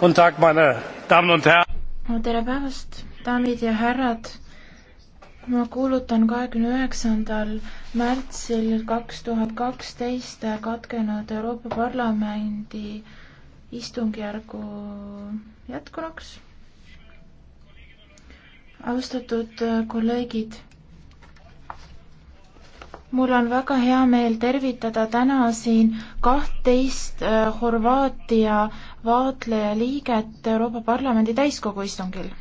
Guten Tag, meine Damen und Herren. tere päevast, daamid ja härrad. ma kuulutan kahekümne üheksandal märtsil kaks tuhat kaksteist katkenud Euroopa Parlamendi istungjärgu jätkunuks. austatud kolleegid mul on väga hea meel tervitada täna siin kahtteist äh, Horvaatia vaatlejaliiget Euroopa Parlamendi täiskogu istungil